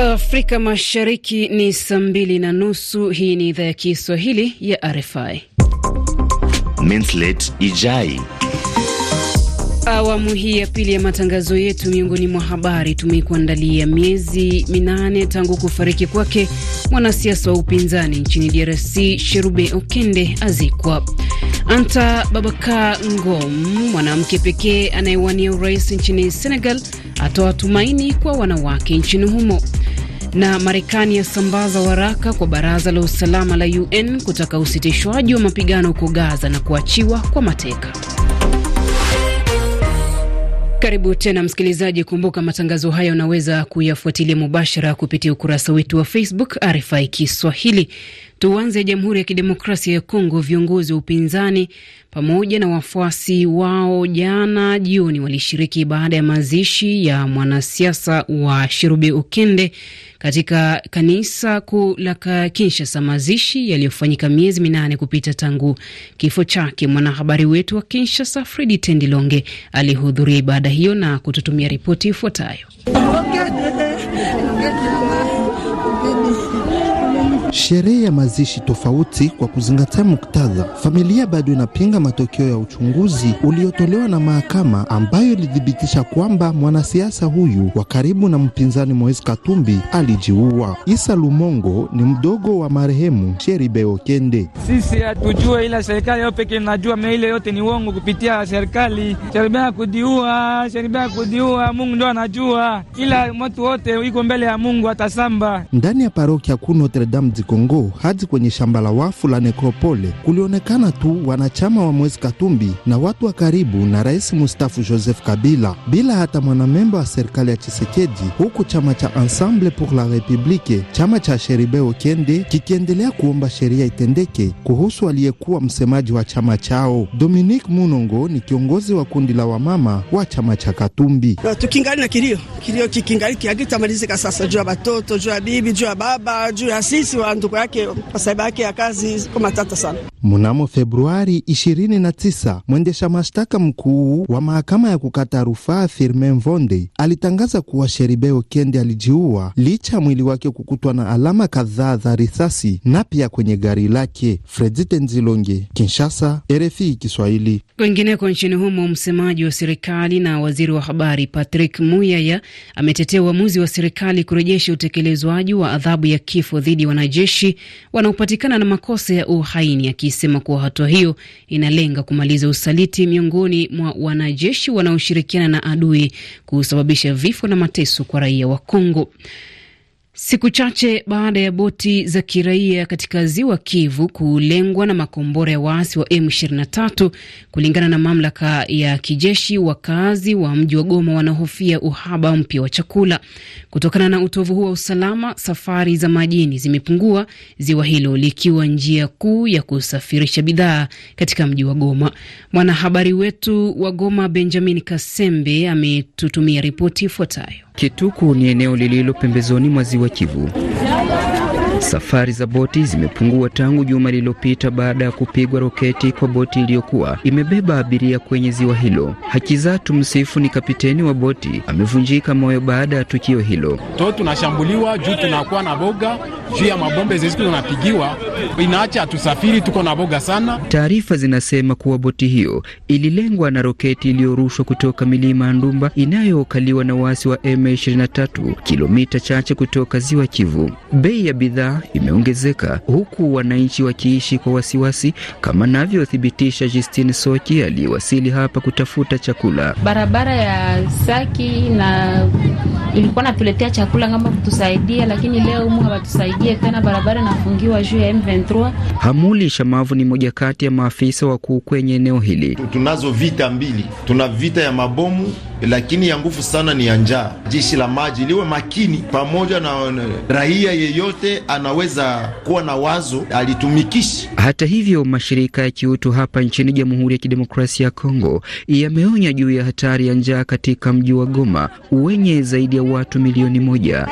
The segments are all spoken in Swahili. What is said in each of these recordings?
Afrika Mashariki ni saa mbili na nusu. Hii ni idhaa ya Kiswahili ya RFI. Minslet Ijai. Awamu hii ya pili ya matangazo yetu, miongoni mwa habari tumekuandalia: miezi minane tangu kufariki kwake mwanasiasa wa upinzani nchini DRC Sherube Okende azikwa. Anta Babaka Ngom, mwanamke pekee anayewania urais nchini Senegal, atoa tumaini kwa wanawake nchini humo. Na Marekani yasambaza waraka kwa baraza la usalama la UN kutaka usitishwaji wa mapigano huko Gaza na kuachiwa kwa mateka. Karibu tena msikilizaji, kumbuka matangazo haya unaweza kuyafuatilia mubashara kupitia ukurasa wetu wa Facebook RFI Kiswahili. Tuanze Jamhuri ya Kidemokrasia ya Kongo. Viongozi wa upinzani pamoja na wafuasi wao jana jioni walishiriki baada ya mazishi ya mwanasiasa wa shirubi ukende katika kanisa kuu la Kinshasa, mazishi yaliyofanyika miezi minane kupita tangu kifo chake. Mwanahabari wetu wa Kinshasa Fredi Tendilonge alihudhuria ibada hiyo na kututumia ripoti ifuatayo sherehe ya mazishi tofauti kwa kuzingatia muktadha. Familia bado inapinga matokeo ya uchunguzi uliotolewa na mahakama ambayo ilithibitisha kwamba mwanasiasa huyu wa karibu na mpinzani Moise Katumbi alijiua. Isa Lumongo ni mdogo wa marehemu Sheribe Okende. Sisi hatujue, ila serikali yao inajua, najua meile yote ni uongo kupitia serikali. Sheribe akudiua, Sheribe akudiua, Mungu ndo anajua, ila watu wote iko mbele ya Mungu atasamba. Ndani ya parokia kuu Notre Dame Mutambezi Kongo hadi kwenye shamba la wafu la Nekropole kulionekana tu wanachama wa mwezi Katumbi na watu wa karibu na rais mustafu Joseph Kabila, bila hata mwanamemba wa serikali ya Chisekedi, huku chama cha Ensemble pour la Republique, chama cha Sheribe Okende kikiendelea kuomba sheria itendeke kuhusu aliyekuwa msemaji wa chama chao. Dominique Munongo ni kiongozi wa kundi la wamama wa chama cha Katumbi. No, tukingali na kilio kilio kikingali kiagitamalizika sasa, juu ya batoto, juu ya bibi, juu ya baba, juu ya sisi wa ndugu yake masaiba yake ya kazi ko matata sana. Mnamo Februari 29 mwendesha mashtaka mkuu wa mahakama ya kukata rufaa Firmin vonde alitangaza kuwa Sheribeo Kende alijiua licha ya mwili wake kukutwa na alama kadhaa za risasi na pia kwenye gari lake. Fredite Nzilonge, Kinshasa, RFI Kiswahili. Wengineko nchini humo, msemaji wa serikali na waziri wa habari Patrick Muyaya ametetea uamuzi wa serikali kurejesha utekelezwaji wa adhabu ya kifo dhidi ya wanajeshi wanajeshi wanaopatikana na makosa ya uhaini, akisema kuwa hatua hiyo inalenga kumaliza usaliti miongoni mwa wanajeshi wanaoshirikiana na adui kusababisha vifo na mateso kwa raia wa Kongo. Siku chache baada ya boti za kiraia katika ziwa Kivu kulengwa na makombora ya waasi wa M23, kulingana na mamlaka ya kijeshi, wakazi wa mji wa Goma wanahofia uhaba mpya wa chakula. Kutokana na utovu huu wa usalama, safari za majini zimepungua, ziwa hilo likiwa njia kuu ya kusafirisha bidhaa katika mji wa Goma. Mwanahabari wetu wa Goma Benjamin Kasembe ametutumia ripoti ifuatayo. Kituku ni eneo lililo pembezoni mwa ziwa Kivu. Safari za boti zimepungua tangu juma lililopita baada ya kupigwa roketi kwa boti iliyokuwa imebeba abiria kwenye ziwa hilo. Hakizatu Msifu ni kapiteni wa boti, amevunjika moyo baada ya tukio hilo. To tunashambuliwa juu tunakuwa na boga juu ya mabombe zisizo tunapigiwa, inaacha hatusafiri, tuko na boga sana. Taarifa zinasema kuwa boti hiyo ililengwa na roketi iliyorushwa kutoka milima ya Ndumba inayokaliwa na waasi wa M23 kilomita chache kutoka ziwa Kivu. Bei ya bidhaa imeongezeka huku wananchi wakiishi kwa wasiwasi, kama anavyothibitisha Justine Soki aliyewasili hapa kutafuta chakula. Barabara ya Saki na ilikuwa natuletea chakula ngamba kutusaidia, lakini leo humu hawatusaidie tena, barabara inafungiwa juu ya M23. Hamuli Shamavu ni moja kati ya maafisa wakuu kwenye eneo hili. Tunazo vita mbili, tuna vita ya mabomu lakini ya nguvu sana ni ya njaa. Jeshi la maji liwe makini pamoja na raia yeyote anaweza kuwa na wazo alitumikishi. Hata hivyo, mashirika ya kiutu hapa nchini Jamhuri ya Kidemokrasia ya Kongo yameonya juu ya hatari ya njaa katika mji wa Goma wenye zaidi ya watu milioni moja.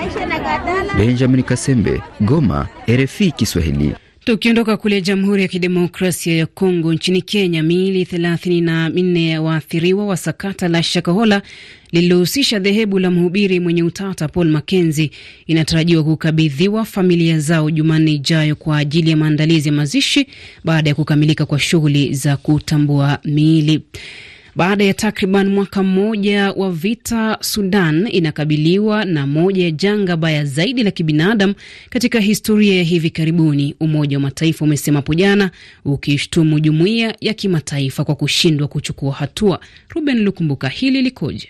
Benjamin Kasembe, Goma, RFI Kiswahili. Tukiondoka kule Jamhuri ya Kidemokrasia ya Kongo, nchini Kenya, miili thelathini na minne ya waathiriwa wa sakata la Shakahola lililohusisha dhehebu la mhubiri mwenye utata Paul Makenzi inatarajiwa kukabidhiwa familia zao Jumanne ijayo kwa ajili ya maandalizi ya mazishi baada ya kukamilika kwa shughuli za kutambua miili. Baada ya takriban mwaka mmoja wa vita, Sudan inakabiliwa na moja ya janga baya zaidi la kibinadamu katika historia ya hivi karibuni, Umoja wa Mataifa umesema hapo jana, ukishtumu jumuiya ya kimataifa kwa kushindwa kuchukua hatua. Ruben Lukumbuka, hili likoje?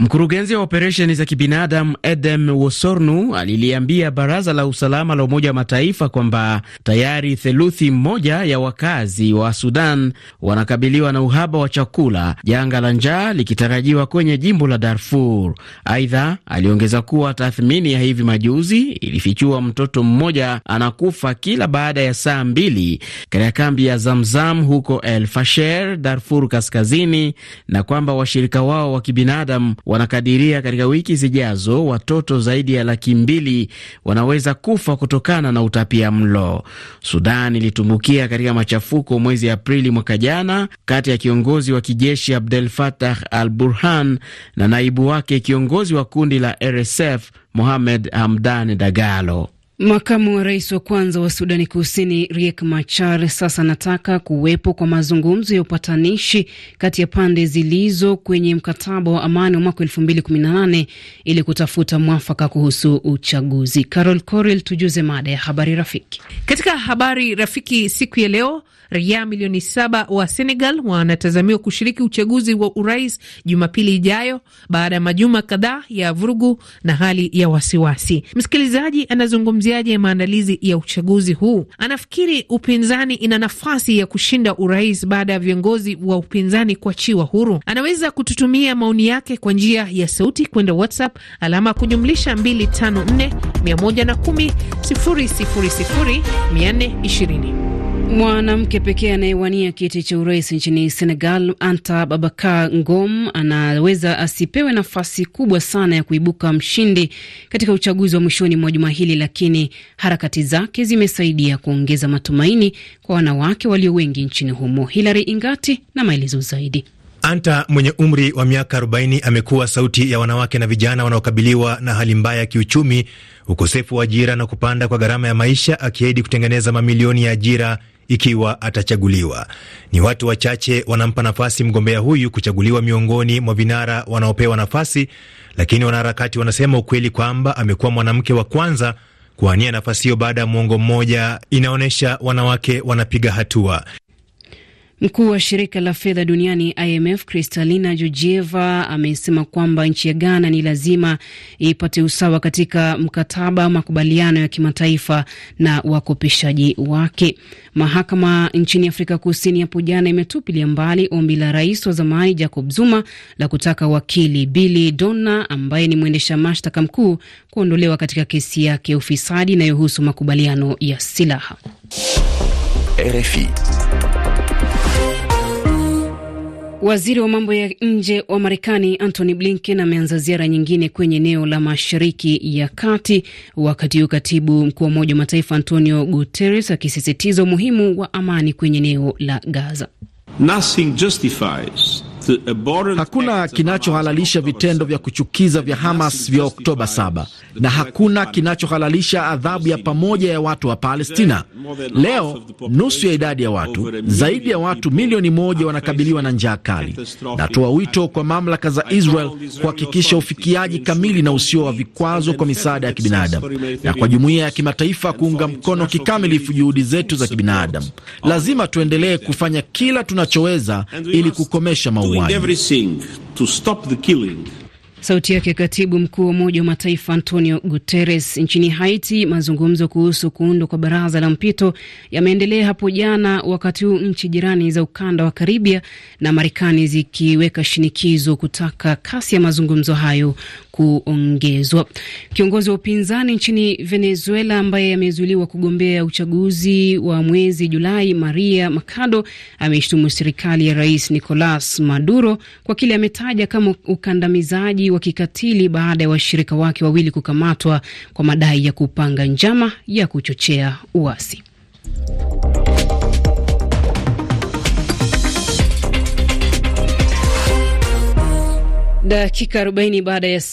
Mkurugenzi wa operesheni za kibinadamu Edem Wosornu aliliambia baraza la usalama la Umoja wa Mataifa kwamba tayari theluthi moja ya wakazi wa Sudan wanakabiliwa na uhaba wa chakula, janga la njaa likitarajiwa kwenye jimbo la Darfur. Aidha, aliongeza kuwa tathmini ya hivi majuzi ilifichua mtoto mmoja anakufa kila baada ya saa mbili katika kambi ya Zamzam huko El Fasher, Darfur Kaskazini, na kwamba washirika wao wa kibinadamu wanakadiria katika wiki zijazo watoto zaidi ya laki mbili wanaweza kufa kutokana na utapia mlo. Sudan ilitumbukia katika machafuko mwezi Aprili mwaka jana kati ya kiongozi wa kijeshi Abdel Fattah al Burhan na naibu wake kiongozi wa kundi la RSF Mohamed Hamdan Dagalo. Makamu wa rais wa kwanza wa Sudani Kusini Riek Machar sasa anataka kuwepo kwa mazungumzo ya upatanishi kati ya pande zilizo kwenye mkataba wa amani wa mwaka elfu mbili kumi na nane ili kutafuta mwafaka kuhusu uchaguzi. Carol Corel, tujuze mada ya habari rafiki. Katika habari rafiki siku ya leo, raia milioni saba wa Senegal wanatazamiwa kushiriki uchaguzi wa urais Jumapili ijayo baada ya majuma kadhaa ya vurugu na hali ya wasiwasi. Msikilizaji anazungumzia anazungumziaje maandalizi ya uchaguzi huu? Anafikiri upinzani ina nafasi ya kushinda urais baada ya viongozi wa upinzani kuachiwa huru? Anaweza kututumia maoni yake kwa njia ya sauti kwenda WhatsApp alama kujumlisha 254 110 000 420. Mwanamke pekee anayewania kiti cha urais nchini Senegal, Anta babaka Ngom, anaweza asipewe nafasi kubwa sana ya kuibuka mshindi katika uchaguzi wa mwishoni mwa juma hili, lakini harakati zake zimesaidia kuongeza matumaini kwa wanawake walio wengi nchini humo. Hilary Ingati na maelezo zaidi. Anta mwenye umri wa miaka 40 amekuwa sauti ya wanawake na vijana wanaokabiliwa na hali mbaya ya kiuchumi, ukosefu wa ajira na kupanda kwa gharama ya maisha, akiahidi kutengeneza mamilioni ya ajira ikiwa atachaguliwa. Ni watu wachache wanampa nafasi mgombea huyu kuchaguliwa miongoni mwa vinara wanaopewa nafasi, lakini wanaharakati wanasema ukweli kwamba amekuwa mwanamke wa kwanza kuwania nafasi hiyo baada ya mwongo mmoja inaonyesha wanawake wanapiga hatua. Mkuu wa shirika la fedha duniani IMF Kristalina Georgieva amesema kwamba nchi ya Ghana ni lazima ipate usawa katika mkataba makubaliano ya kimataifa na wakopeshaji wake. Mahakama nchini Afrika Kusini hapo jana imetupilia mbali ombi la rais wa zamani Jacob Zuma la kutaka wakili Billy Donna ambaye ni mwendesha mashtaka mkuu kuondolewa katika kesi yake ya ufisadi inayohusu makubaliano ya silaha. RFI. Waziri wa mambo ya nje wa Marekani Antony Blinken ameanza ziara nyingine kwenye eneo la mashariki ya kati, wakati huu katibu mkuu wa Umoja wa Mataifa Antonio Guterres akisisitiza umuhimu wa amani kwenye eneo la Gaza. Nothing justifies Hakuna kinachohalalisha vitendo vya kuchukiza vya Hamas vya Oktoba 7 na hakuna kinachohalalisha adhabu ya pamoja ya watu wa Palestina. Leo nusu ya idadi ya watu, zaidi ya watu milioni moja, wanakabiliwa na njaa kali. Natoa wito kwa mamlaka za Israel kuhakikisha ufikiaji kamili na usio wa vikwazo kwa misaada ya kibinadamu na kwa jumuiya ya kimataifa kuunga mkono kikamilifu juhudi zetu za kibinadamu. Lazima tuendelee kufanya kila tunachoweza ili kukomesha mauaji mwauaji. Sauti yake katibu mkuu wa Umoja wa Mataifa Antonio Guterres. Nchini Haiti, mazungumzo kuhusu kuundwa kwa baraza la mpito yameendelea hapo jana, wakati huu nchi jirani za ukanda wa Karibia na Marekani zikiweka shinikizo kutaka kasi ya mazungumzo hayo kuongezwa. Kiongozi wa upinzani nchini Venezuela ambaye amezuiliwa kugombea uchaguzi wa mwezi Julai, Maria Makado ameishtumu serikali ya rais Nicolas Maduro kwa kile ametaja kama ukandamizaji wa kikatili baada ya wa washirika wake wawili kukamatwa kwa madai ya kupanga njama ya kuchochea uasi. Dakika 40 baada ya